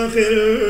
غافر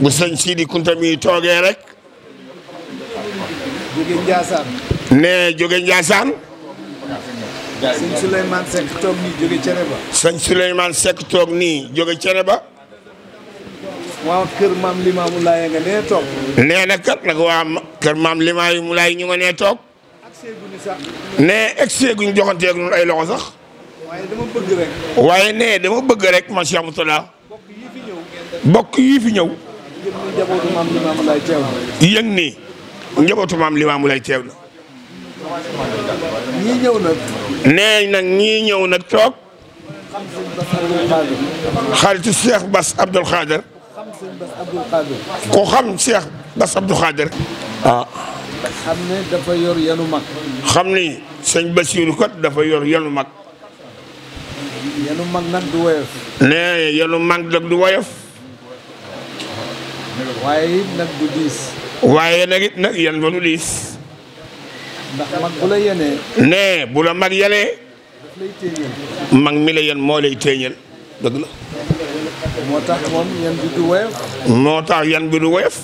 bu sëñ Sidi Kunta mi toogee rek Ndiassane. nee jóge Ndiassane. sëñ Souleymane Seck toog nii joge cere ba. sëñ Souleymane Seck toog nii jóge cere waa kër maam Limaamu Laay Laay ñu nga nee toog. nee excès gu ñu joxante ak ay loxo sax. waaye dama bëgg rek. waaye nee dama bëgg rek man Cheikh Moutalla. bokk yii fi ñëw. bokk ni. njabootu maam Limaamu Laay teew nag. nee nag ñëw nag toog. xaritu Cheikh Bass Abdoul Khader. ku xam Cheikh Bass Abdoul Khader. ah. dafa yor yanu ni sëñ Bassirou dafa yor yanu mag. yanu mag nag du woyof. nee nag du woyof. waaye nag du diis. waaye nag it nag yan ba nu diis. mag bu nee bu la mag yenee. mag mi la yen moo lay téeñal dëgg la. moo tax yan bi du woyof. moo tax yan bi du woyof.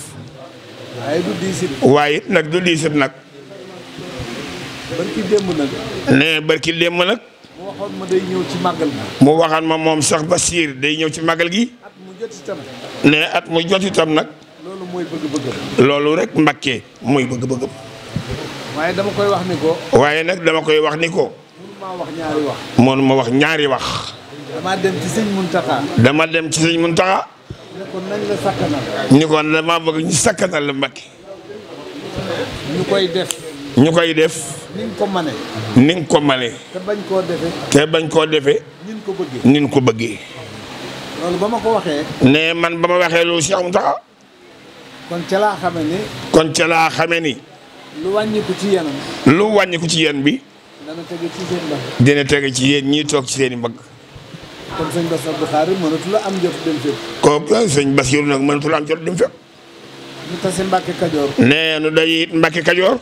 waaye du diisit. waaye it nag du diisit nag. barki démb nag. nee barki démb nag. mu waxoon ma day ñëw ci màggal mu waxoon ma moom Cheikh Bassir day ñëw ci màggal gi. at nee at mu jot itam nag. loolu mooy bëgg-bëggam. loolu rek Mbàkke mooy bëgg-bëggam. waaye dama koy wax ni ko. waaye nag dama koy wax ni ko. mënuma wax ñaari wax. mënuma wax ñaari wax. dama dem ci sëñ Muntaxa. dama dem ni ko dama bëgg ñu sakkanal la ñu koy def. ñu ko mane. ni ko mane. te bañ koo defee. te ko bëggee. ne man ba ma waxee loolu Cheikh Mountakha. kon ca ni. kon ca laa xame ni. lu wàññiku ci yéen lu wàññiku ci yéen bi. dana tege ci seen dina tege ci yéen ñii toog ci seen i mbagg. kon sëñ Bass Abdou Khadre mënatul am jot dem fépp. kon sëñ Bass yow nag mënatul am jot dem fépp. ñu tase Mbacke Kajoor. nee nu day it Kajoor.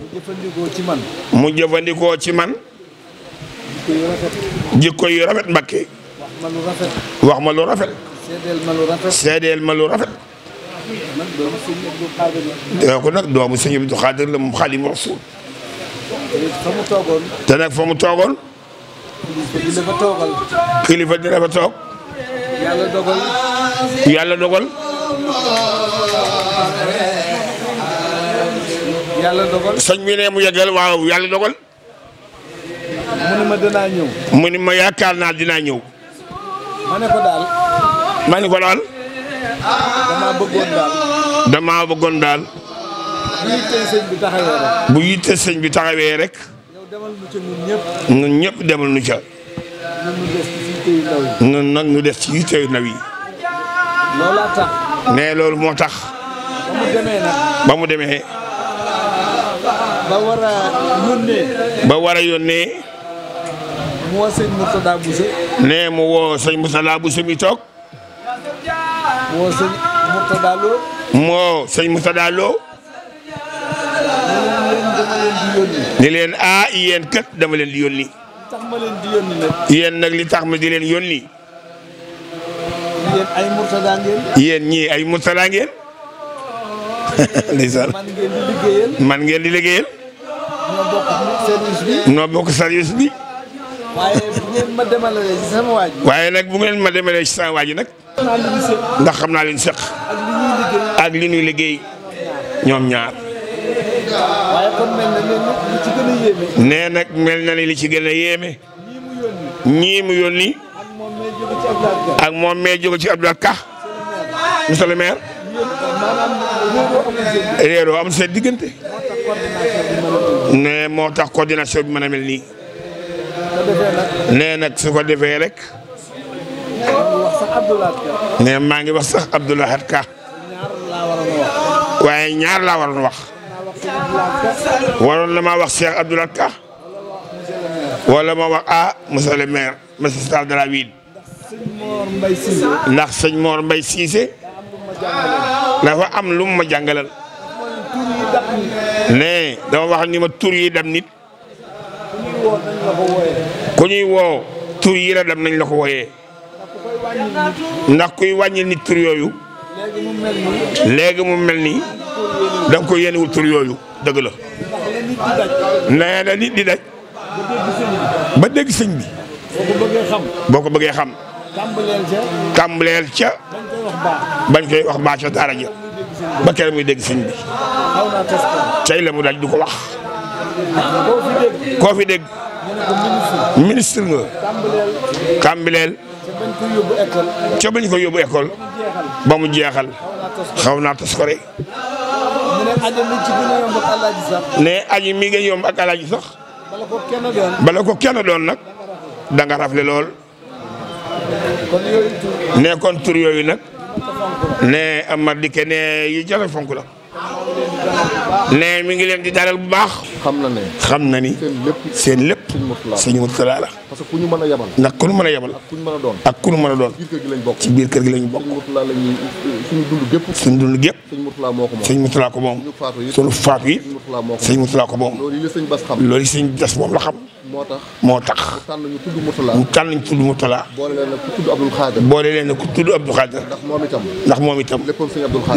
mu jëfandikoo ci man. mu jëfandikoo ci man. jikko yu rafet. jikko wax ma lu rafet. wax ma lu rafet. seedeel ma lu rafet. dina ko nag doomu sëñ Abdou Xaadir la moom Xaadimu Rasuul te nag fa mu toogoon. kilifa dina fa dina fa toog. yàlla dogal. yàlla dogal. yàlla sëñ bi ne mu yeggal waaw yàlla dogal. mu ma dinaa ñëw. mu ni ma yaakaar naa dinaa ñëw. ma ne daal. ma ne daal. dama bëggoon daal. damaa bëggoon daal. bu yittee sëñ bi taxawee rek. bu yittee sëñ bi taxawee demal nu ca ñun ñëpp. nu ca. def ci yitte yu ndaw yi. loolaa tax. nee loolu moo tax. ba mu demee nag. ba mu demee. ba war a yónnee. mu woo sëñ Mourtada Bousso. nee mu woo sëñ Mourtada Bousso mi toog. moo sëñ Murtada moo sëñ Murtada Lo. ni leen ah yéen kat dama leen di yónni. tax nag. li tax ma di leen yónni. yéen ay Murtada ngeen. ñii ay Murtada ngeen. ndeysaan man ngeen di liggéeyal. man ngeen di liggéeyal. noo bokk service bi. bi. waaye bu ngeen ma demalee ci sama waaj waaye nag bu ngeen ma demalee ci sama waaj nag. ndax xam naa leen sëq. ak li ñuy liggéey ñoom ñaar. ne li nee nag mel na ne li ci gën a yéeme. ñii mu yónni. ak moom mee jóge ci Abdoulaye Ka. monsieur le maire. am seen diggante. ne moo tax coordination bi mën mel nii. nee nag su ko defee rek. nee maa ngi wax sax Abdou Lahad Ka. waaye ñaar laa waroon wax. waroon na maa wax Cheikh Abdou Lahad Ka. wala ma wax ah monsieur le maire monsieur Sall de la ville. ndax sëñ Mor Mbaye am lu mu ma jàngalal. ne dama wax ni ma tur yi dem nit. ku ñuy woow tur yi la dem nañ la ko wooyee ndax kuy wàññi nit tur yooyu léegi mu mel ni da nga ko yéenewul tur yooyu dëgg la nee na nit di daj ba dégg sëñ bi boo ko bëggee xam tàmbaleel ca bañ koy wax baax ca daara ja ba kere muy dégg sëñ bi tey la mu du ko wax koo fi dégg ministre nga. Kambileel. ca bañ ko yóbbu école. ba mu jeexal. xaw naa tas ko ne aji mi nga yomb ak alaaji sax. bala ko kenn doon nag. danga nga rafle lool. ne kon tur yooyu nag. ne Amar di ne yu jara fonk la. ne mi ngi leen di dalal bu baax. xam na ne xam na ni seen lépp. sëñ Mourtala la. a yabal. ndax ku ñu mën a yabal. ak ku ñu mën a doon ak ku ñu mën ci biir kër gi lañ bokk. suñu dund gépp. suñu dund gépp. ko moom sëñ Mourtala ko moom. suñu faatu yi sëñ Mourtala ko moom. loolu yi sëñ Bas moom la xam. moo tax moo tax. mu tànn ñu tudd Moutala. boole leen ku tudd Abdou Khader. boole leen ku tudd Abdou Khader. ndax moom itam.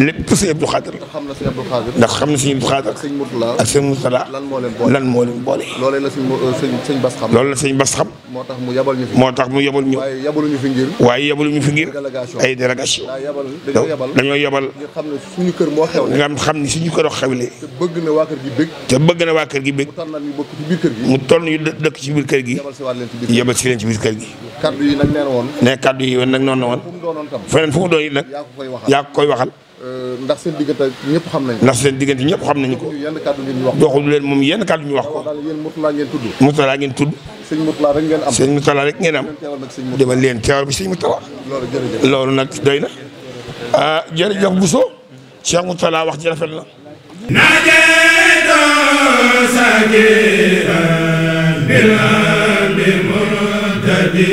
lépp sëñ Abdou Khader. ndax xam na sëñ Abdou Khader. ndax xam na sëñ Abdou Khader. lan moo leen boole lan moo leen la sëñ euh, sëñ Bas xam. loolu la sëñ Bas xam. moo tax mu yabal ñu fi. moo tax mu yabal ñu. waaye yabaluñu fi ngir. waaye yabaluñu fi ngir. ay délégation dañoo yabal. nga xam ne suñu kër moo xewle. nga xam ne suñu kër moo xewle. te bëgg na waa kër gi bëgg. mu toll ñu dëkk ci biir kër gi yebal si leen ci biir kër gi kaddu yi nag neen woon ne kaddu euh, doxul leen moom yenn kaddu ñu wax ko Mourtala ngeen tudd sëñ Mourtala rek ngeen am dama leen teewal bi sëñ Mourtala loolu nag na ah jërëjëf Bousso Cheikh bi muhtadi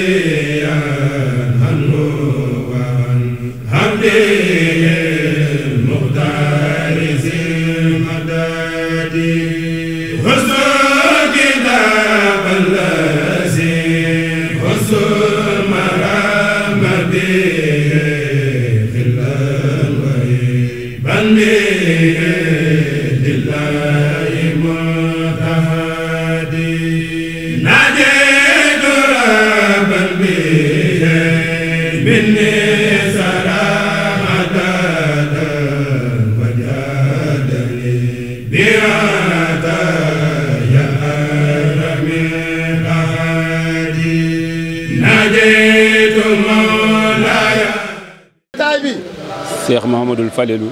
Mouhamadul Falilu.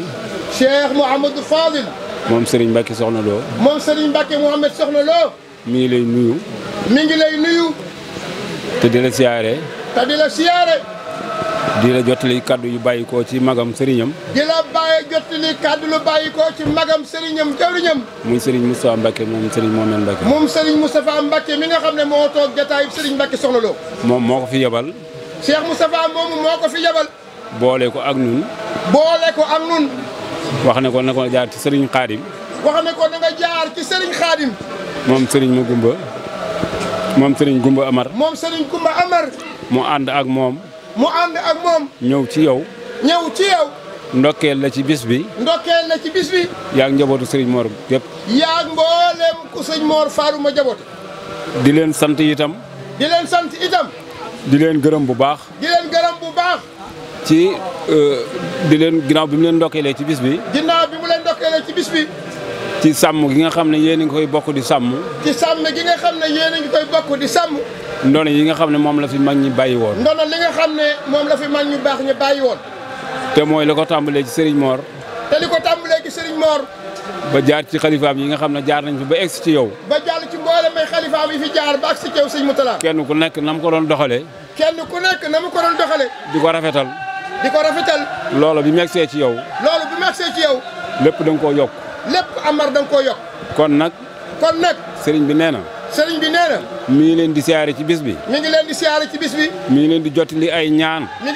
moom Serigne Mbacke Soxna Lo. ngi lay nuyu. mi te di la siyaare. te di la siyaare. yu bàyyi koo ci magam sëriñam di la bàyyi jottali sëriñ Moustapha Mbacke moom sëriñ Mohamed Mbacke sëriñ mi nga xam ne moo toog jataayib sëriñ Mbacke Soxna Lo moom moo ko fi yebal Cheikh Moustapha moomu moo ko fi yebal boole ko ak nun boole ko ak nun wax ne ko na ko jaar ci sëriñ xaadim wax ne ko na nga jaar ci sëriñ xaadim moom sëriñ mu gumba moom sëriñ gumba amar moom sëriñ gumba amar mu ànd ak moom mu ànd ak moom ñëw ci yow ñëw ci yow ndokkeel la ci bis bi ndokkeel la ci bis bi yaag njabootu sëriñ moor yëpp yaag mboolem ku sëñ moor faaru jaboote di leen sant itam di leen sant itam di leen gërëm bu baax di leen gërëm bu baax ci euh, di leen ginaaw bi mu leen ndokkeelee ci bis bi. ginnaaw bi mu leen ndokkeelee ci bis ci sàmm gi nga xam ne yéen a ngi koy bokk di sàmm. ci sàmm gi nga xam ne yéen a ngi koy bokk di sàmm. ndono yi nga xam ne moom la fi mag ñi bàyyi woon. ndono li nga xam ne moom la fi mag ñu baax ñu bàyyi woon. te ko tàmbalee ci Serigne Mor. te li ko tàmbalee ci Serigne Mor. ba jaar ci xalifaam yi nga xam ne jaar nañ fi ba egsi ci yow. ba jaar ci mboolem ay xalifaam yi fi jaar ba egsi ci yow sëñ kenn ku nekk nam ko doon doxalee. kenn ku ko ko rafetal. di ko rafetal. loolu bi megsee ci yow. loolu bi megsee ci yow. lépp da nga koo yokk. lépp amar da nga koo yokk. kon nag. kon nag. sëriñ bi nee na. sëriñ bi nee na. ngi leen di siyaare ci bis bi. mi leen di siyaare ci bis bi. mi ngi leen di jottali ay ñaan. mi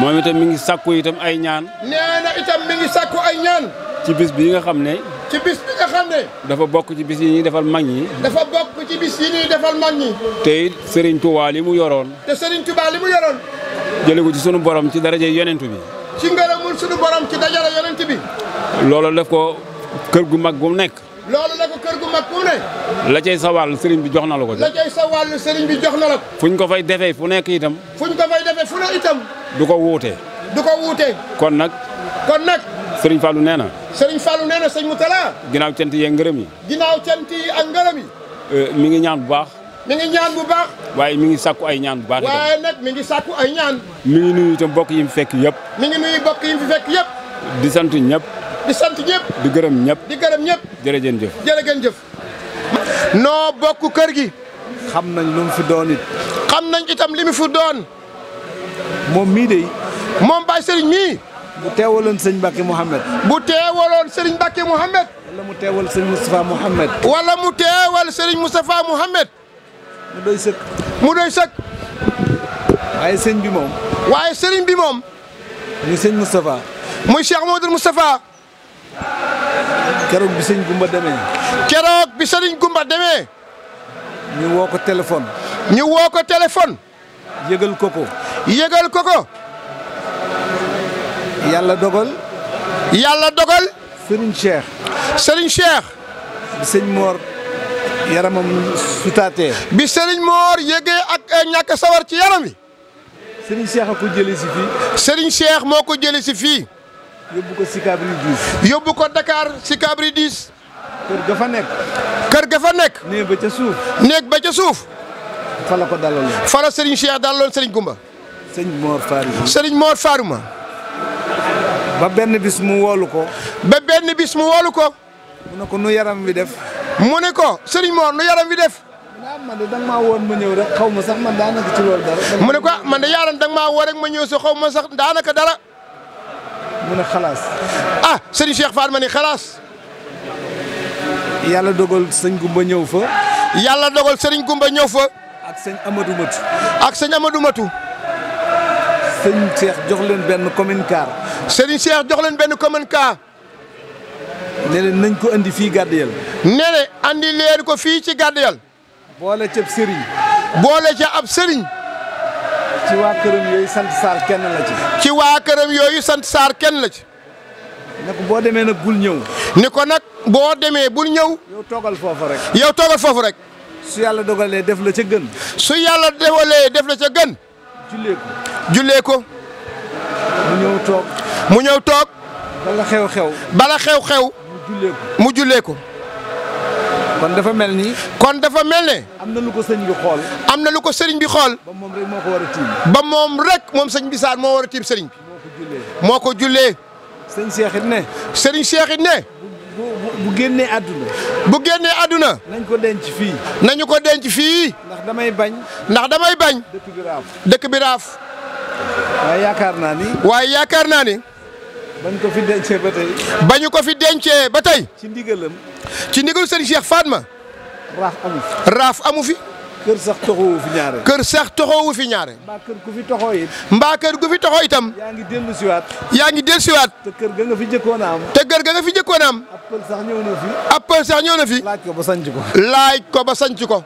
moom itam mi ngi sàkku itam ay ñaan. nee itam mi ngi sàkku ay ñaan. ci bis bi nga xam ne. ci bis bi nga xam ne. dafa bokk ci bis yi ñuy defal mag ñi. dafa bokk ci bis yi ñuy defal mag ñi. te sëriñ Serigne Touba li mu yoroon. te Serigne Touba li jëlee ko ci sunu borom ci daraje yonent bi. ci ngërëmul sunu borom ci dajale yonent bi. loolu def ko kër gu mag bu nekk. loolu la ko kër gu mag bu ne. la cay sa wàll sëriñ bi jox na la ko. la cay sa wàll sëriñ bi jox na la ko. fu ñu ko fay defee fu nekk itam. fu ñu ko fay defee fu ne itam. du ko wuute. du ko wuute. kon nag. kon nag. sëriñ Fallou nee na. sëriñ Fallou nee na sëñ Moutala. ginnaaw cant yi ak ngërëm yi. ginnaaw cant yi ak ngërëm yi. Euh, mi ngi ñaan bu baax. mi ngi ñaan bu baax. waaye mi ngi sàkku ay ñaan bu baax. waaye nag mi ngi sàkku ay ñaan. mi ngi nuyu itam mbokk yi mu fekk yëpp. mi ngi nuyu mbokk yi mu fekk yëpp. di sant ñëpp. di sant ñëpp. di gërëm ñëpp. di gërëm ñëpp. jërëjën jëf jërëjën jëf. noo bokk kër gi. xam nañ lu mu fi doon it. xam nañ itam li mu fi doon. moom mii de. moom baa sëriñ mii. mu teewaloon sëñ Mbacke Mouhamed. bu teewaloon Serigne Mbacke Mouhamed. wala mu teewal Serigne Moustapha Mouhamed. wala mu teewal Serigne Moustapha Mouhamed. mu doy sëkk. mu doy sëkk. waaye sëñ bi moom. waaye sëriñ bi moom. muy sëñ Moustapha. muy Cheikh moo Moustapha. keroog bi sëñ Gumba deme keroog bi sëriñ Gumba deme ñu woo ko ñu woo ko téléphone. yëgal ko ko. yëgal ko ko. yàlla dogal. yàlla dogal. sëriñ Cheikh. sëriñ Cheikh. bi sëñ Mor yaramam sutaatee. bi sëriñ Mor yëgee ak eh, ñàkk sawar ci yaram wi. Serigne Cheikh a ko jëlee si fii. Serigne Cheikh moo ko jëlee si fii. yóbbu ko Sicabri 10. yóbbu ko Dakar Sicabri 10. kër ga fa nekk. kër ga fa nekk. néeg ba ca suuf. néeg ba ca suuf. fa la ko dalaloon. fa la Serigne dal dalaloon Serigne Gumba. Serigne Mor Faaruma. Serigne Mor Faaruma. ba benn bis mu woolu ko. ba benn bis mu woolu ko. mu ne ko nu yaram wi def. mu ne ko sëriñ Mor nu yaram wi def. ah man de danga maa woon ma ñëw rek xaw ma sax man daanaka ci loolu dara. mu ne ko ah, man de yaaram danga maa woo rek ma ñëw si xaw ma sax daanaka dara. mu ne xalaas. ah sëriñ Cheikh Fall ma ne xalaas. yàlla dogal sëñ Gumba ñëw fa. yàlla dogal sëriñ Gumba ñëw fa. ak sëñ Amadou Matu. ak sëñ Amadou Matu. sëñ Cheikh jox leen benn commune car. sëriñ Cheikh jox leen benn commune car. ne nañ ko andi fii Gàddeyal. ne le andi leen ko fii ci Gàddeyal. boole ca sëriñ. boole ci ab sëriñ. ci waa këram yooyu sant Saar kenn la ci. ci waa këram yooyu sant Saar kenn la ci. boo demee nag bul ñëw. ni ko nag boo demee bul ñëw. yow toogal foofu rek. yow toogal foofu rek. su yàlla dogalee def la ca gën. su yàlla dogalee def la ca gën. jullee ko. jullee mu ñëw toog. mu ñëw toog. bala xew-xew. bala xew-xew. mu jullee ko. kon dafa mel ni. kon dafa mel ne. am na lu ko sëñ bi xool. am na lu ko sëriñ bi xool. ba moom rek moo ko war a tiim. ba moom rek moom sëñ bi Saar moo war a tiim sëriñ bi. moo ko jullee. moo ko jullee. sëñ Cheikh ne. sëriñ Cheikh it ne. bu génnee àdduna. bu génnee àdduna. nañ ko denc fii. nañu ko denc fii. ndax damay bañ. ndax damay bañ. dëkk bi raaf. dëkk bi raaf. waaye yaakaar naa ni. waaye yaakaar naa ni. bañ ko fi dencee ba tey. bañu ko fi dencee ba tey. ci ndigalam. ci ndigalu sëriñ Cheikh Fatma. raaf amu fi. raaf amu fi. kër sax toxoowu fi ñaare. kër sax toxoowu fi ñaare. mbaa kër gu fi toxoo it. mbaa kër gu fi toxoo itam. yaa ngi dellu siwaat. yaa ngi dellu siwaat. te kër ga nga fi jëkkoon a am. te kër ga nga fi jëkkoon a am. appel sax ñëw na fi. appel sax ñëw na fi. laaj ko ba sanc ko. laaj ko ba sanc ko.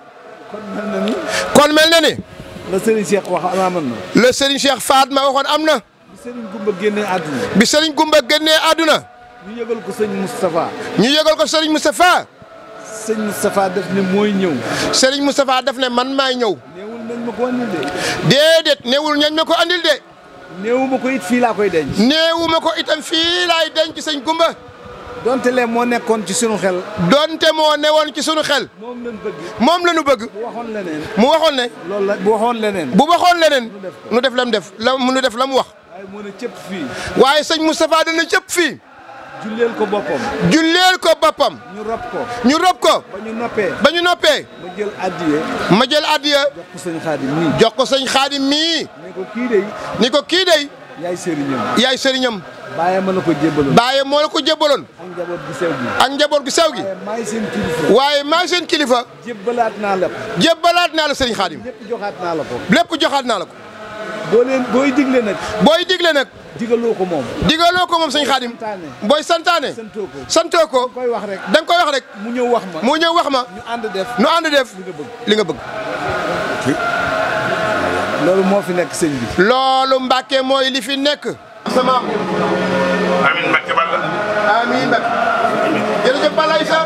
kon mel na ni. kon mel na ni. la Serigne Cheikh wax am na. la Serigne Cheikh Fatma waxoon am na. Serigne Gumba génnee àdduna. bi Serigne Gumba génnee àdduna. ñu yëgal ko sëñ Moustapha. ñu yëgal ko Serigne Moustapha. sëñ Moustapha daf ne mooy ñëw. Serigne Moustapha def ne man maay ñëw. néewul nañ ma ko andil de. déedéet néewul ma ko andil de. néewu ma ko it fii laa koy denc. néewu ko itam fii laay denc sëñ Gumba. donte lee moo nekkoon ci sunu xel. donte moo ne woon ci sunu xel. moom lañu bëgg. moom lañu bëgg. mu waxoon leneen. mu waxoon ne. loolu la bu waxoon leneen. bu waxoon leneen. nu def la mu def la mu def la mu wax. waaye sëñ Moustapha dana cëpp fii. julleel ko boppam. julleel ko boppam. ñu rob ko. ñu rob ko. ba noppee. ba ñu noppee. ma jël addiya. ma jël addiya. jox ko sëñ xaadim mii. jox ko sëñ xaadim mii. ko kii dey. ni ko yaay sëriñam. yaay sëriñam. baaye moo la ko jébbaloon. baaye moo la ko jébbaloon. ak njaboot gu sew gi. ak njaboot gu sew gi. waaye maay seen kilifa. waaye maay seen kilifa. jébbalaat naa la ko. jébbalaat naa la sëriñ xaadim. lépp joxaat naa la ko. lépp joxaat naa la ko. boo booy digle nag. booy digle nag. digaloo ko moom. digaloo ko moom sëñ Xaadim. booy santaane. santoo ko santoo ko. da nga koy wax rek. da koy wax rek. mu ñëw wax ma mu ñëw wax ma. ñu ànd def ñu ànd def. li nga bëgg li nga bëgg. loolu moo fi nekk sëñ bi. loolu Mbàkke mooy li fi nekk. sama. amiin Mbàkke Balla. amiin Mbàkke. jërëjëf Balla Issa.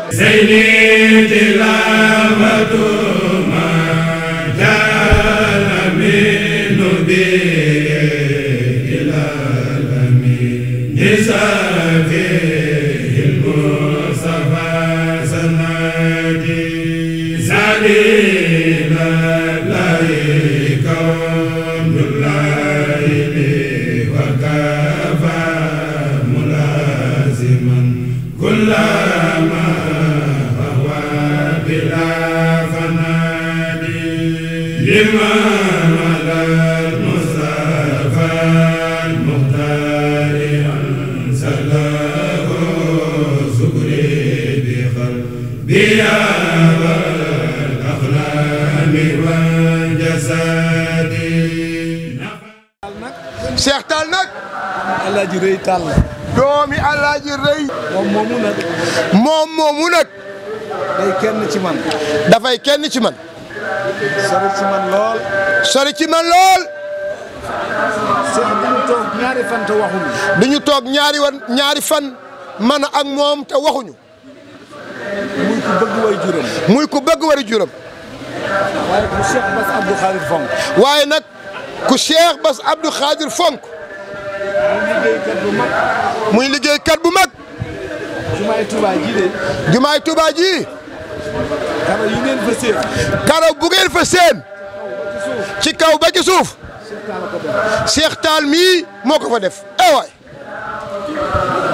lima Alaaji Rëy Tàll ci man kenn ci man sori ci man lool sori toog ñaari fan te waxuñu duñu toog ñaari fan man ak moom te waxuñu muy ku bëgg way juróom muy ku bëgg wari juróom waaye ku Cheikh Bass Abdou Khadir fonk waaye nag ku Cheikh Bass Abdou Khadir fonk muy liggéeykat bu mag. jumaay Touba de. jumaay Touba ji. karo fa seen. karo bu ngeen fa seen. ci kaw ba ci suuf. Cheikh mii moo ko fa def ewaay. Eh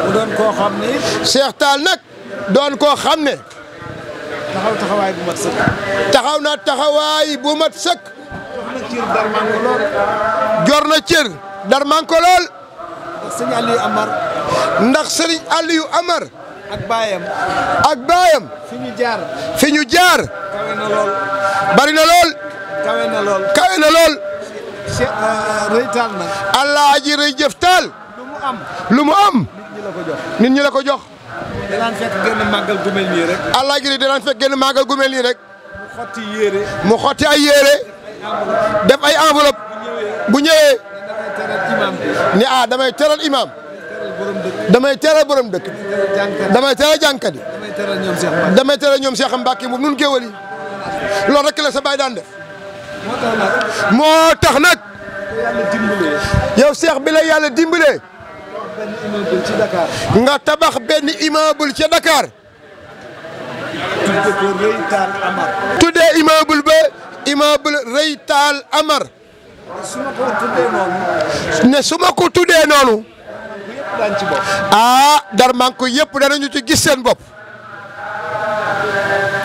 mu doon koo xam ne. Cheikh Tall nag doon koo xam ne. taxaw taxawaay bu mat sëkk. taxaw na taxawaay bu mat sëkk. jox na cër. dar man ko lool. ndax sëñ Aliou Amar. ndax sëriñ Aliou Amar. ak baayam. ak baayam. fi ñu jaar. fi ñu jaar. kawe lool. bari na lool. kawe na lool. kawe na lool. Cheikh euh, Reytal nag. Rey Jëf Taal. lu am. lu mu am. nit ñi la ko jox. ko jox. danaan fekk genn màggal gu mel nii rek. Alaaji Rey danaan mu xotti ay yéere. def ay enveloppe. bu ñëwee. ni ah damay teral imaam damay teral borom dëkk damay teral jànkat yi damay teral ñoom Cheikh Mbacke moom nun géwal yi loolu rek la sa daan def moo tax nag yow Cheikh bi la yàlla dimbalee nga tabax benn immeuble ca Dakar tuddee immeuble ba immeuble Rey Taal Amar ne su ma ko tuddee noonu. ah Darmanko yëpp danañu ci gis seen bopp.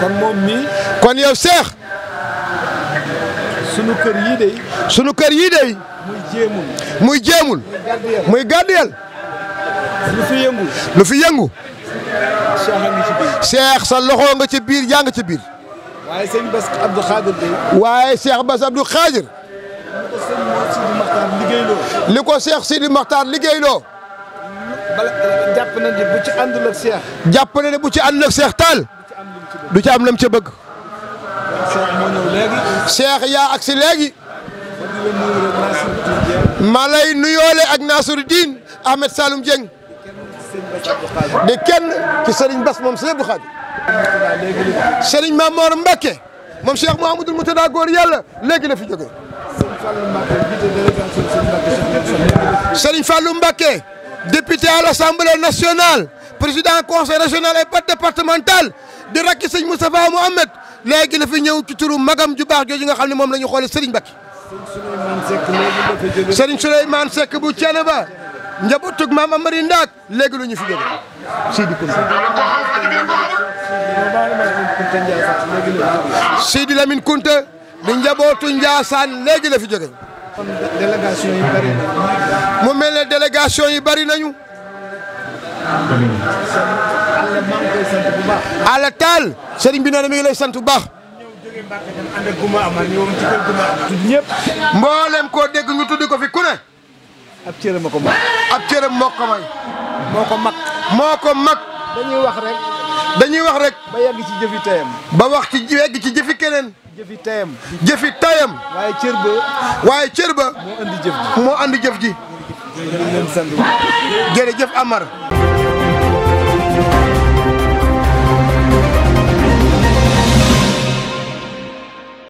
kon moom mii. kon yow Cheikh. sunu kër yii de. sunu kër yii de. muy jéemul. muy jéemul. muy gardiyel fi yëngu. lu yëngu. Cheikh sa loxo nga ci biir yaa nga ci biir. waaye sëñ Bass Abdou Khadir de. waaye li ko Cheikh Sidi Makhtar liggéeyloo. bala jàpp na ne bu ci àndul ak Cheikh. jàpp na ne bu ci àndul ak Cheikh Tall. ci am lam ca bëgg. Cheikh moo ñëw léegi. Cheikh yaa agsi léegi. ma lay nuyoole ak Nasirou Dine Ahmed Saloum Dieng. di kenn ci Serigne Bass moom Serigne Abdou Khadre. Serigne Mamour Mbacke moom Cheikh Mouhamadul Moutada góor yàlla léegi la fi jógee. Serigne falu Mbacké député à l'Assemblée nationale président conseil régional et départemental di rakki sëñ Moustapha Mohamed léegi la fi ñëw ci turu magam ju baax nga xam ne moom la ñu xoolee Serigne Mbacké. Serigne Souleymane Seck bu Thiénaba njabootug maam Amary Ndaak léegi lu ñu fi jógee. Sidi Lamine Kounta. Sidi Lamine Kounta. di njabootu Njaasaan léegi la fi jóge kon délégation yi bari na. mu mel ne délégation yi bari nañu. Alla Taal sëriñ bi nee na mi ngi lay sant bu baax. mboolem koo dégg ñu tuddi ko fi ku ne. ab cëram moo ko mag. ab cëram moo ko may. moo ko mag. moo ko mag. dañuy wax rek. dañuy wax rek. ba yegg ci jëfi teyam. ba wax ci yegg ci jëfi keneen. jëfi tayam jëfi tayam waaye cër ba waaye cër ba moo andi jëf ji moo andi jëf ji jërëjëf Amar